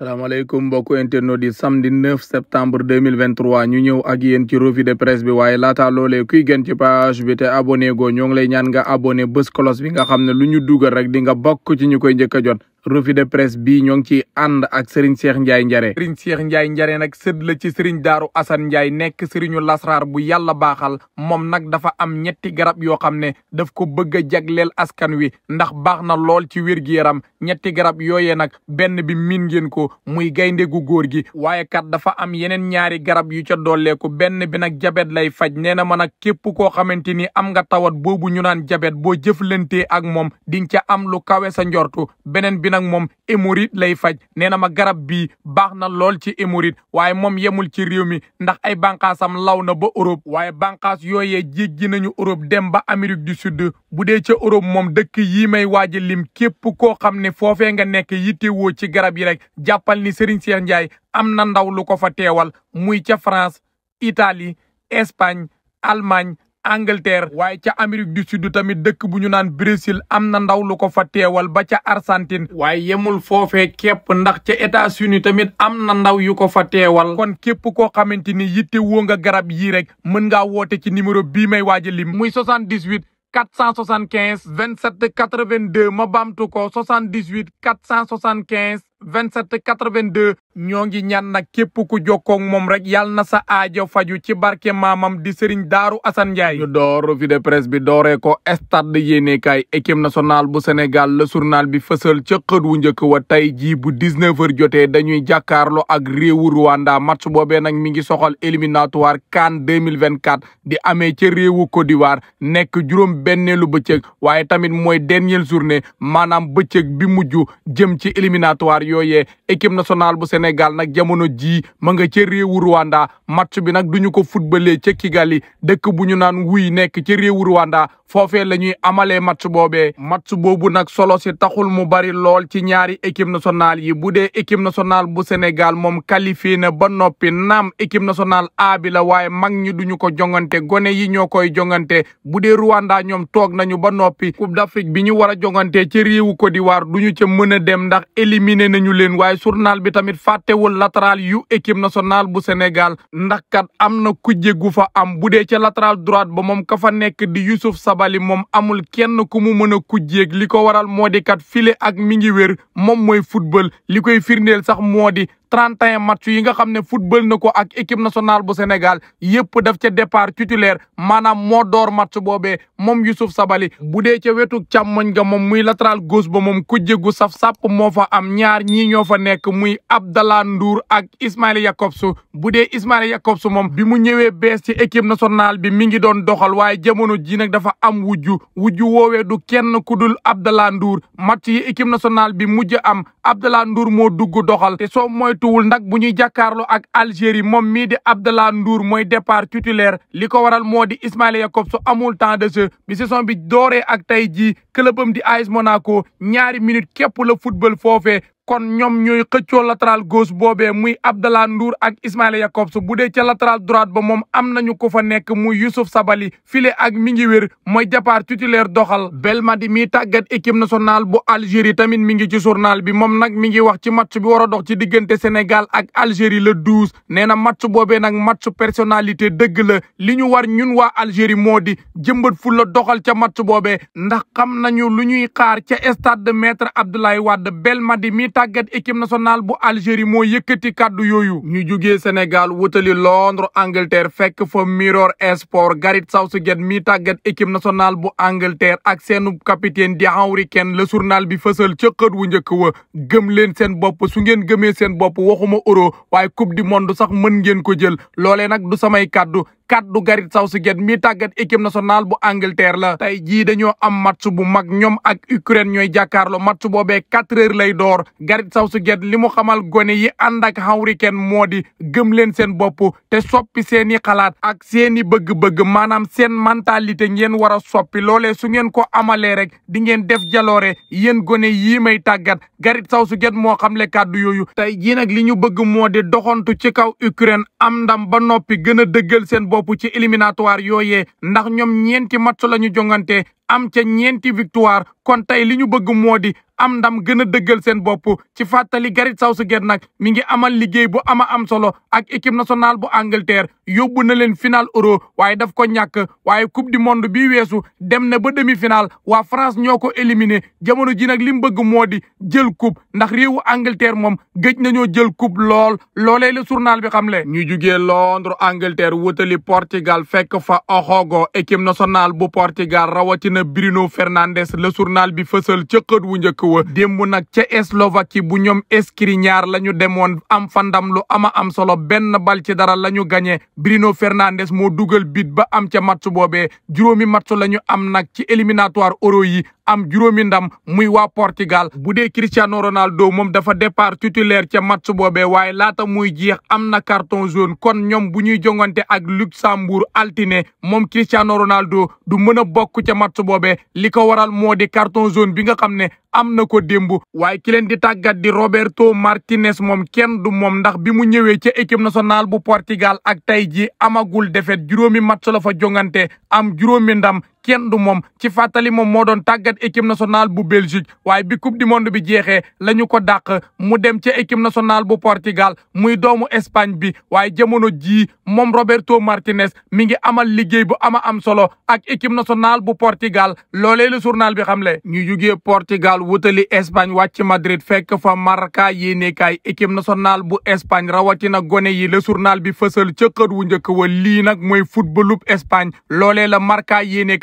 salaamaaleykum mbokku internautes yi samedi 9 septembre 2023 ñu ñëw ak yéen ci revue de presse bi waaye laata loolee kuy gën ci page bi te abonné go ñoo ngi lay ñaan nga abonné bés kolos bi nga xam ne lu ñu dugal rek di nga bokk ci ñu koy njëkk a jot revue de presse bi ñoo ngi ciy ànd ak Serigne Cheikh Ndiaye Njare Serigne Cheikh Ndiaye nag sëdd la ci Serigne Daaru Assane Ndiaye nekk Serigne Lasrar bu yàlla baaxal moom nag dafa am ñetti garab yoo xam ne daf ko bëgg a jagleel askan wi ndax baax na lool ci wér-gi-yaram ñetti garab yooyee nag benn bi miin ngeen ko muy gaynde gu góor gi waaye kat dafa am yeneen ñaari garab yu ca ko benn bi nag jabet lay faj nee na ma nag képp koo xamante ni am nga tawat boobu ñu naan jabet boo jëflantee ak moom di ca am lu kawe sa njortu bi nag moom hémorroïde lay faj nee na ma garab bii baax na lool ci hémorroïde waaye moom yemul ci réew mi ndax ay bànqaasam law na ba Europe waaye bànqaas yooyee jéggi nañu Europe dem ba Amérique du Sud bu dee ca Europe moom dëkk yi may waaj lim képp koo xam ne foofee nga nekk yittewoo ci garab yi rek jàppal ni Serigne Cheikh Ndiaye am na ndaw lu ko fa teewal muy ca France Italie Espagne Allemagne Angleterre waaye ca Amérique du Sud tamit dëkk bu ñu naan Brésil am na ndaw lu ko fa teewal ba ca Argentine waaye yemul foofee képp ndax ca États-Unis tamit am na ndaw yu ko fa teewal kon képp koo xamante ni yitte woo nga garab yii rek mën ngaa woote ci numéro bii may waaj a lim muy 78 475 27 82 ma baamtu ko 78 475 27 82 ñoo ngi ñaan képp ku jokkoog moom rek yàlla na sa aajo faju ci barke maamam di sëriñ daaru Assane Ndiaye door revue de bi dooree ko stade yéenekaay équipe nationale bu Sénégal le journal bi fësal ca wu njëkk wa tey jii bu 19 heures jotee dañuy jàkkaarloo ak réewu Rwanda match boobee nag mi ngi soxal éliminatoire CAN 2024 di amee ci réewu Côte d'Ivoire nekk juróom benneelu bëccëg waaye tamit mooy dernière journée maanaam bëccëg bi mujj jëm ci éliminatoire yooy équipe nationale bu Sénégal nag jamono jii ma nga ca réewu Rwanda match bi nag duñu ko footballé ca Kigali dëkk bu ñu naan wuy nekk ca réewu Rwanda foofee la ñuy amalee match boobee match boobu nag solo si taxul mu bari lool ci ñaari équipe national yi bu dee équipe nationale bu Sénégal moom qualifié na ba noppi naam équipe nationale A bi la waaye mag ñi duñu ko jongante gone yi ñoo koy jongante bu dee Rwanda ñoom toog nañu ba noppi war a jongante ci ndax éliminé fàttewul latéral yu équipe nationale bu Sénégal ndax kat am na kujje gu fa am bu dee ca latéral droite ba moom ka fa nekk di Youssouf Sabali moom amul kenn ku mu mën a kujjeeg li ko waral moo kat file ak mi ngi wér moom mooy football li koy firndeel sax moodi trente et un match yi nga xam ne football na ko ak équipe nationale bu Sénégal yëpp daf ca départ titulaire maanaam moo door match boobee moom Youssouf sabali bu dee ca wetu càmmoñ nga moom muy latéral gauche ba moom kujje gu saf sàpp moo fa am ñaar ñii ñoo fa nekk muy Abdallah nduur ak Ismail Jakobs bu dee Ismail Jakobs moom bi mu ñëwee bees ci équipe national bi mi ngi doon doxal waaye jamono ji nag dafa am wujju wujju woowee du kenn ku dul Abdallah Ndour match yi équipe nationale bi mujj am Abdallah Ndour moo dugg doxal moytuwul nag bu ñuy jàkkaarloo ak Algérie moom mii di Abdallah nduur mooy départ titulaire li ko waral moo di Ismaïla Yacob su amul temps de jeu bi saison bi dooree ak tey jii clubam di AS Monaco ñaari minute képp la football foofee kon ñoom ñooy xëccoo latéral gos boobee muy Abdallah Ndour ak Ismaïla Jakobs bu dee ca latéral droite ba moom am nañu ko fa nekk muy Youssouf Sabali file ak mi ngi wér mooy départ titulaire doxal Belmadi mi tàggat équipe nationale bu Algérie tamit mi ngi ci journal bi moom nag mi ngi wax ci match bi war a dox ci diggante Sénégal ak Algérie le 12 nee na match boobee nag match personnalité dëgg la li ñu war ñun waa Algérie moo di jëmbat fu la doxal ca match boobee ndax xam nañu lu ñuy xaar ca stade de maître Abdoulaye Wade Belmadi mi tàggat équipe nationale bu Algérie moo yëkkati kàddu yooyu ñu jugee Sénégal wutali Londres Angleterre fekk fa Mirror Sport Gareth Southgate mi tàggat équipe nationale bu Angleterre ak seenu capitaine di Harry Kane la journal bi fësal ca xët wu njëkk wa gëm leen seen bopp su ngeen gëmee seen bopp waxuma euro waaye coupe du monde sax mën ngeen ko jël loolee nag du samay kàddu kaddu Gareth Southgate mi tàggat équipe nationale bu Angleterre la tey jii dañoo am match bu mag ñoom ak Ukraine ñooy jàkkaarloo match boobee quatre heures lay door Gareth Southgate li mu xamal gone yi ànd ak Harry Kane moo di gëm leen seen bopp te soppi seen i xalaat ak seen i bëgg-bëgg maanaam seen mentalité ngeen war a soppi loolee su ngeen ko amalee rek di ngeen def jaloore yéen gone yii may tàggat Gareth Southgate moo xamle kaddu yooyu tey jii nag li ñu bëgg moo ci kaw Ukraine am a bopp ci éliminatoire yooyee ndax ñoom ñeenti mat la ñu jongante am ca ñeenti victoire kon tey li ñu bëgg moo di am ndam gën a dëggal seen bopp ci fàttali Gareth Southgate nag mi ngi amal liggéey bu ama am solo ak équipe nationale bu Angleterre yóbbu na leen final euro waaye daf ko ñàkk waaye coupe du monde bi weesu dem na ba demi final waa France ñoo ko éliminé jamono ji nag li mu bëgg moo di jël coupe ndax réewu Angleterre moom gëj nañoo jël coupe lool loolee la journal bi xamle ñu jugee Londres Angleterre wutali Portugal fekk fa oxogo équipe nationale bu Portugal rawatina Bruno Fernandes la journal bi fësal ca wu njëkk réew démb nag ca Eslovaquie bu ñoom Skriniar la ñu demoon am fa ndam lu ama am solo benn bal ci dara la ñu gagné Bruno Fernandes moo dugal bit ba am ca match boobee juróomi match la ñu am nag ci éliminatoire euro yi am juróomi ndam muy waa Portugal bu dee Cristiano Ronaldo moom dafa départ titulaire ca match boobee waaye laata muy jeex am na carton jaune kon ñoom bu ñuy jongante ak Luxembourg altine moom Cristiano Ronaldo du mën a bokk ca match boobee li ko waral moo di carton jaune bi nga xam ne am na ko démb waaye ki leen di tàggat di Roberto Martinez moom kenn du moom ndax bi mu ñëwee ca équipe nationale bu Portugal ak tey ji amagul defet juróomi match la fa jongante am juróomi kenn du moom ci fàttali moom moo doon tàggat équipe nationale bu Belgique waaye bi coupe du monde bi jeexee la ñu ko dàq mu dem ci équipe nationale bu Portugal muy doomu Espagne bi waaye jamono jii moom Roberto Martinez mi ngi amal liggéey bu ama am solo ak équipe nationale bu Portugal loolee la journal bi xam xamle ñu jugee Portugal wutali Espagne wàcc Madrid fekk fa Marca yéenekaay équipe nationale bu Espagne rawatina gone yi la journal bi fësal ca xët wu njëkk wa lii nag mooy footballub Espagne loolee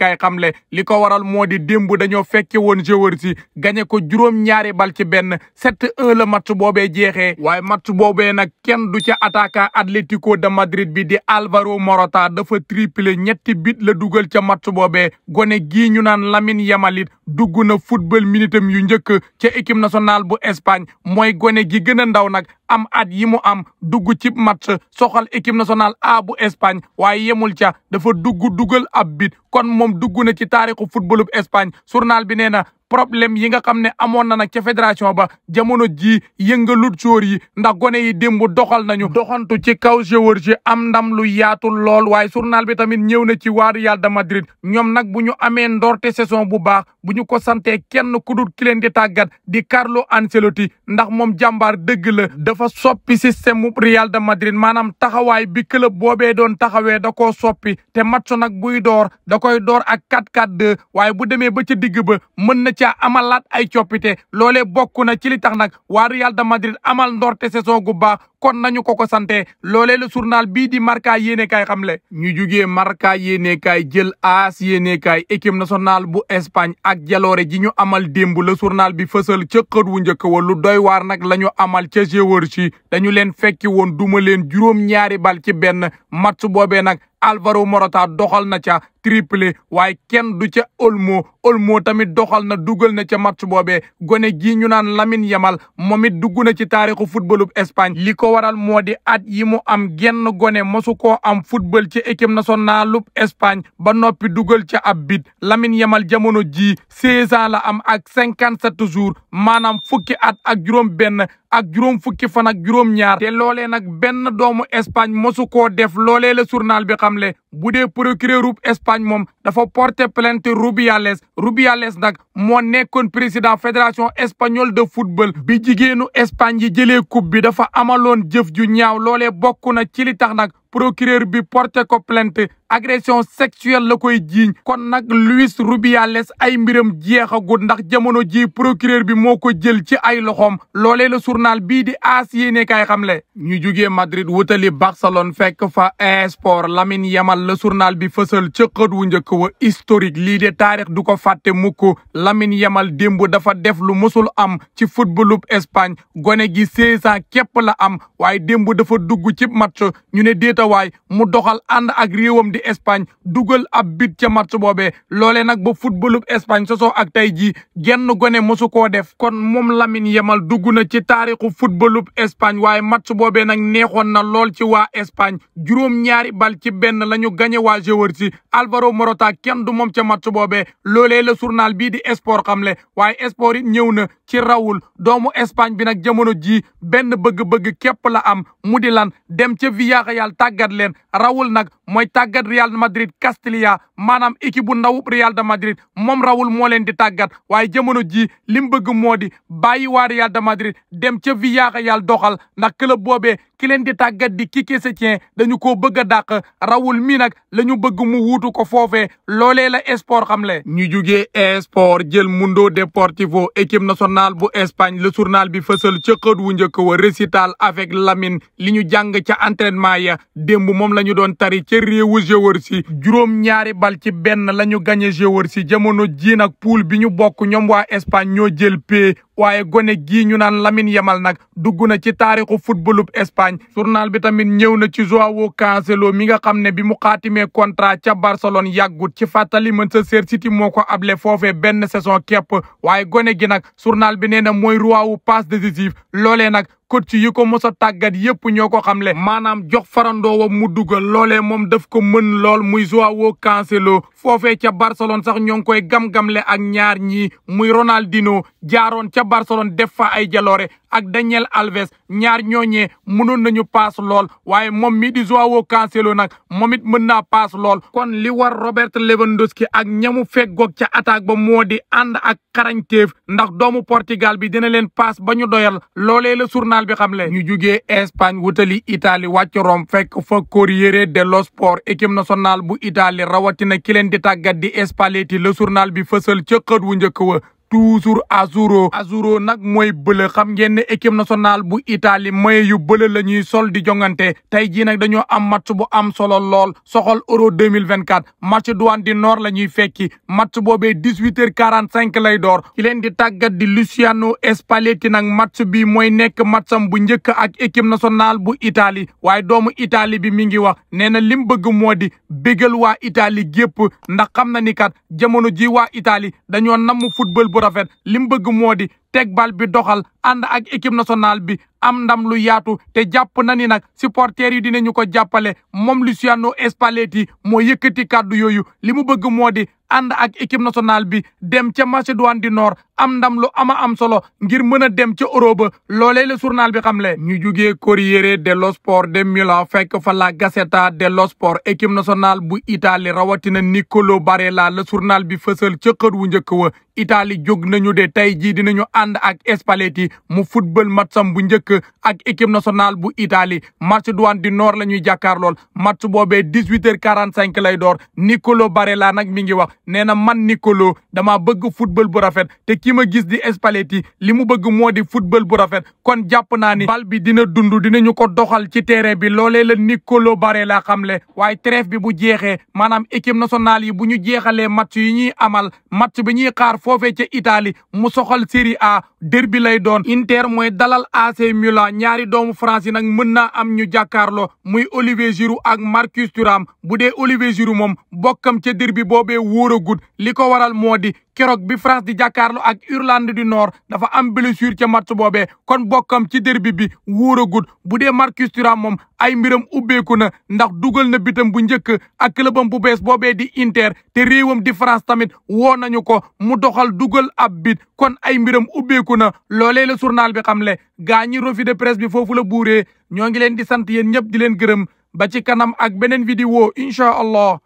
kaay xamle li ko waral moo di démb dañoo fekke woon joueurs yi gañe ko juróom-ñaari bal ci benn set un la match boobee jeexe waaye match boobee nag kenn du ca attaquant Atlético de Madrid bi di Alvaro Morata dafa triplé ñetti bit la dugal ca match boobee gone gii ñu naan Lamine Yamalit dugg na football minitam yu njëkk ca équipe nationale bu Espagne mooy gone gi gën a ndaw nag am at yi mu am dugg ci match soxal équipe nationale A bu Espagne waaye yemul ca dafa dugg dugal ab bit kon moom dugg na ci taarixu footballu Espagne journal bi nee na problème yi nga xam ne amoon na nag ca fédération ba jamono jii yëngalut soor yi ndax gone yi démb doxal nañu doxantu ci kaw joueur ji am ndam lu yaatu lool waaye surnal bi tamit ñëw na ci waa Real de Madrid ñoom nag bu ñu amee ndorte saison bu baax bu ñu ko santee kenn ku dul ki leen di tàggat di Carlo Ancelotti ndax moom jàmbaar dëgg la dafa soppi système mu Real de Madrid maanaam taxawaay bi club boobee doon taxawee da koo soppi te match nag buy door da koy door ak 4-4-2 waaye bu demee ba ca digg ba mën caa amalaat ay coppite loolee bokk na ci li nag waa Real de Madrid amal ndorte saison gu baax kon nañu ko ko sante loolee la journal bii di Marca yéene kaay xamle ñu jugee Marca yéene jël AS yéene équipe nationale bu Espagne ak jaloore ji ñu amal démb la journal bi fësal ca wu njëkk wa doy waar nag la ñu amal ca Géorgie dañu leen fekki woon duma leen juróom ñaari bal ci benn match boobee nag Alvaro Morata doxal na ca triplé waaye kenn du ca Olmo Olmo tamit doxal na dugal na ca match boobe gone gi ñu naan Lamine Yamal moom it dugg na ci taarixu Espagne ko waral moo di at yi mu am genn gone mosu koo am football ci équipe nationalu Espagne ba noppi dugal ci ab bit Lamine yemal jamono jii seize ans la am ak cinquante sept jours maanaam fukki at ak juróom benn ak juróom fukki fan ak juróom ñaar te loolee nag benn doomu Espagne mosu koo def loole la surnal bi xam xamle bu dee procureur ub Espagne moom dafa porter plainte Rubiales Rubiales nag moo nekkoon président fédération espagnole de football bi jigéenu Espagne yi jëlee coupe bi dafa amaloon jëf ju ñaaw loole bokk na ci li tax nag procureur bi porter ko plainte agression sexuelle la koy jiiñ kon nag Luis Rubiales ay mbiram jeexagut ndax jamono ji procureur bi moo ko jël ci ay loxoom loole la surnal bii di aas yéene xam xamle ñu jugee Madrid wutali Barcelone fekk fa esport Lamine Yamal la surnal bi fësal ca wu njëkk wa historique lii de taarix du ko fàtte mukk Lamine Yamal démb dafa def lu mësul am ci footballub Espagne gone gi seize ans képp la am waaye démb dafa dugg ci match ñu ne déetawaay mu doxal ànd ak di dugal ab bit ca matsu boobee loole nag ba footballub Espagne sosoo ak tey jii genn gone mosu koo def kon moom Lamine yemal dugg na ci taarixu footballub Espagne waaye matsu boobee nag neexoon na lool ci waa Espagne juróom ñaari bal ci benn la ñu gañe waa joueur si Alvaro Morata kenn du moom ca matsu boobee loolee la journal bii di sport xamle waaye sport it ñëw ci rawul doomu Espagne bi nag jamono jii benn bëgg-bëgg képp la am mu di lan dem ca Villarreal tàggat leen rawul nag mooy tàggat Real Madrid Castilla maanaam équipe bu ndawub Real de Madrid moom rawul moo leen di tàggat waaye jamono jii li mu bëgg moo di bàyyi waa Real de Madrid dem ca Villarreal doxal ndax club boobee ki leen di tàggat di Kiki Setien dañu koo bëgg a dàq Raoul mi nag lañu bëgg mu wuutu ko foofee loole la sport xam le ñu jugee sport jël Mundo Deportivo équipe nationale bu Espagne le journal bi fësal ca wu njëkk wa récital avec Lamine li ñu jàng ca entraînement ya démb moom la ñu doon tari ca réewu si juróom ñaari bal ci benn la ñu gagné si jamono ji nag poule bi ñu bokk ñoom waa Espagne ñoo jël pee waaye gone gii ñu naan Lamine Yamal nag dugg na ci taarixu footballub Espagne journal bi tamit ñëw na ci Joao Cancelo mi nga xam ne bi mu xaatimee contrat ca Barcelone yàggut ci fàttali Manchester City moo ko able foofee benn saison képp waaye gone gi nag journal bi nee na mooy roi wu passe décisif loolee nag coach yi ko mos a tàggat yépp ñoo ko xamle maanaam jox farandoo wa mu dugal loolee moom daf ko mën lool muy Joao Cancelo foofee ca Barcelone sax ñoo ngi koy gamgam le ak ñaar ñii muy Ronaldinho jaaroon ca Barcelone def fa ay jaloore ak Daniel Alves ñaar ñooñee mënoon nañu paas lool waaye moom mi di Joao Cancelo nag moom it mën naa paas lool kon li war Robert Lewandowski ak ñamu feggoog ca attaque ba moo di ànd ak xarañteef ndax doomu Portugal bi dina leen paas ba ñu doyal loole la surnal bi xam le ñu jugee Espagne wutali itali wàcc Rome fek fa Corriere dello Sport équipe nationale bu Italie rawatina ki leen di tàggat di Spalletti le journal bi fësal ca wu njëkk wa toujours azuro azuro nag mooy bëla xam ngeen ne équipe nationale bu itali mooy yu bëla la ñuy sol di jongante tey jii nag dañoo am match bu am solo lool soxol euro vingt 2024 Macédoine du Nord la ñuy fekki match boobee dix huit heures quarante cinq lay door ki leen di tàggat di Luciano Spalletti nag match bi mooy nekk matcham bu njëkk ak équipe nationale bu itali waaye doomu itali bi mi ngi wax nee na lim bëgg moo di bégal waa Italie gépp ndax xam na ni jamono ji waa Italie bu rafet li mu bëgg moo di teg bal bi doxal ànd ak équipe nationale bi am ndam lu yaatu te jàpp na ni nag supporters yi dinañu ko jàppale moom Luciano Spalletti moo yëkkati kàddu yooyu li mu bëgg moo di ànd ak équipe national bi dem ca Macédoine du Nord am ndam lu ama am solo ngir mën a dem ca Europe loolee la journal bi xam xamle ñu jugee Corriere dello Sport de milo fekk fa la Gazzetta dello Sport équipe national bu itali rawatina Niccolò Barella la journal bi fësal ca wu njëkk wa Italie jóg nañu de tey jii dinañu ànd ak Spalletti mu football matcham bu njëkk ak équipe nationale bu Italie match Douane du Nord la ñuy jàkkaarlool match boobee dix huit heures quarante cinq lay door Nicolo Barella nag mi ngi wax nee na man Nicolo dama bëgg football bu rafet te ki ma gis di Spalletti li mu bëgg moo di football bu rafet kon jàpp naa ni bal bi dina dund dinañu ko doxal ci terrain bi loolee la Nicolo Barella xamle waaye trêve bi bu jeexee maanaam équipe nationale yi bu ñu jeexalee match yi ñuy amal match bi ñuy xaar foofee ca A derbi lay doon Inter mooy dalal AC Milan ñaari doomu France nag mën naa am ñu jàkkaarloo muy oliver Giroud ak Marcus bu dee oliver Giroud moom bokkam ca derbi boobee wóoragul li ko waral moo di keroog bi France di jàkkaarloo ak Irlande du Nord dafa am blessure ca match boobee kon bokkam ci derbi bi wóoragul bu dee Marcus Thuram moom ay mbiram ubbeeku na ndax dugal na bitam bu njëkk ak clubam bu bees boobee di Inter te réewam di France tamit woo nañu ko mu doxal dugal ab bit kon ay mbiram ubbeeku na loolee la journal bi le gaa ñi revue de presse bi foofu la buuree ñoo ngi leen di sant yéen ñëpp di leen gërëm ba ci kanam ak beneen vidéo incha allah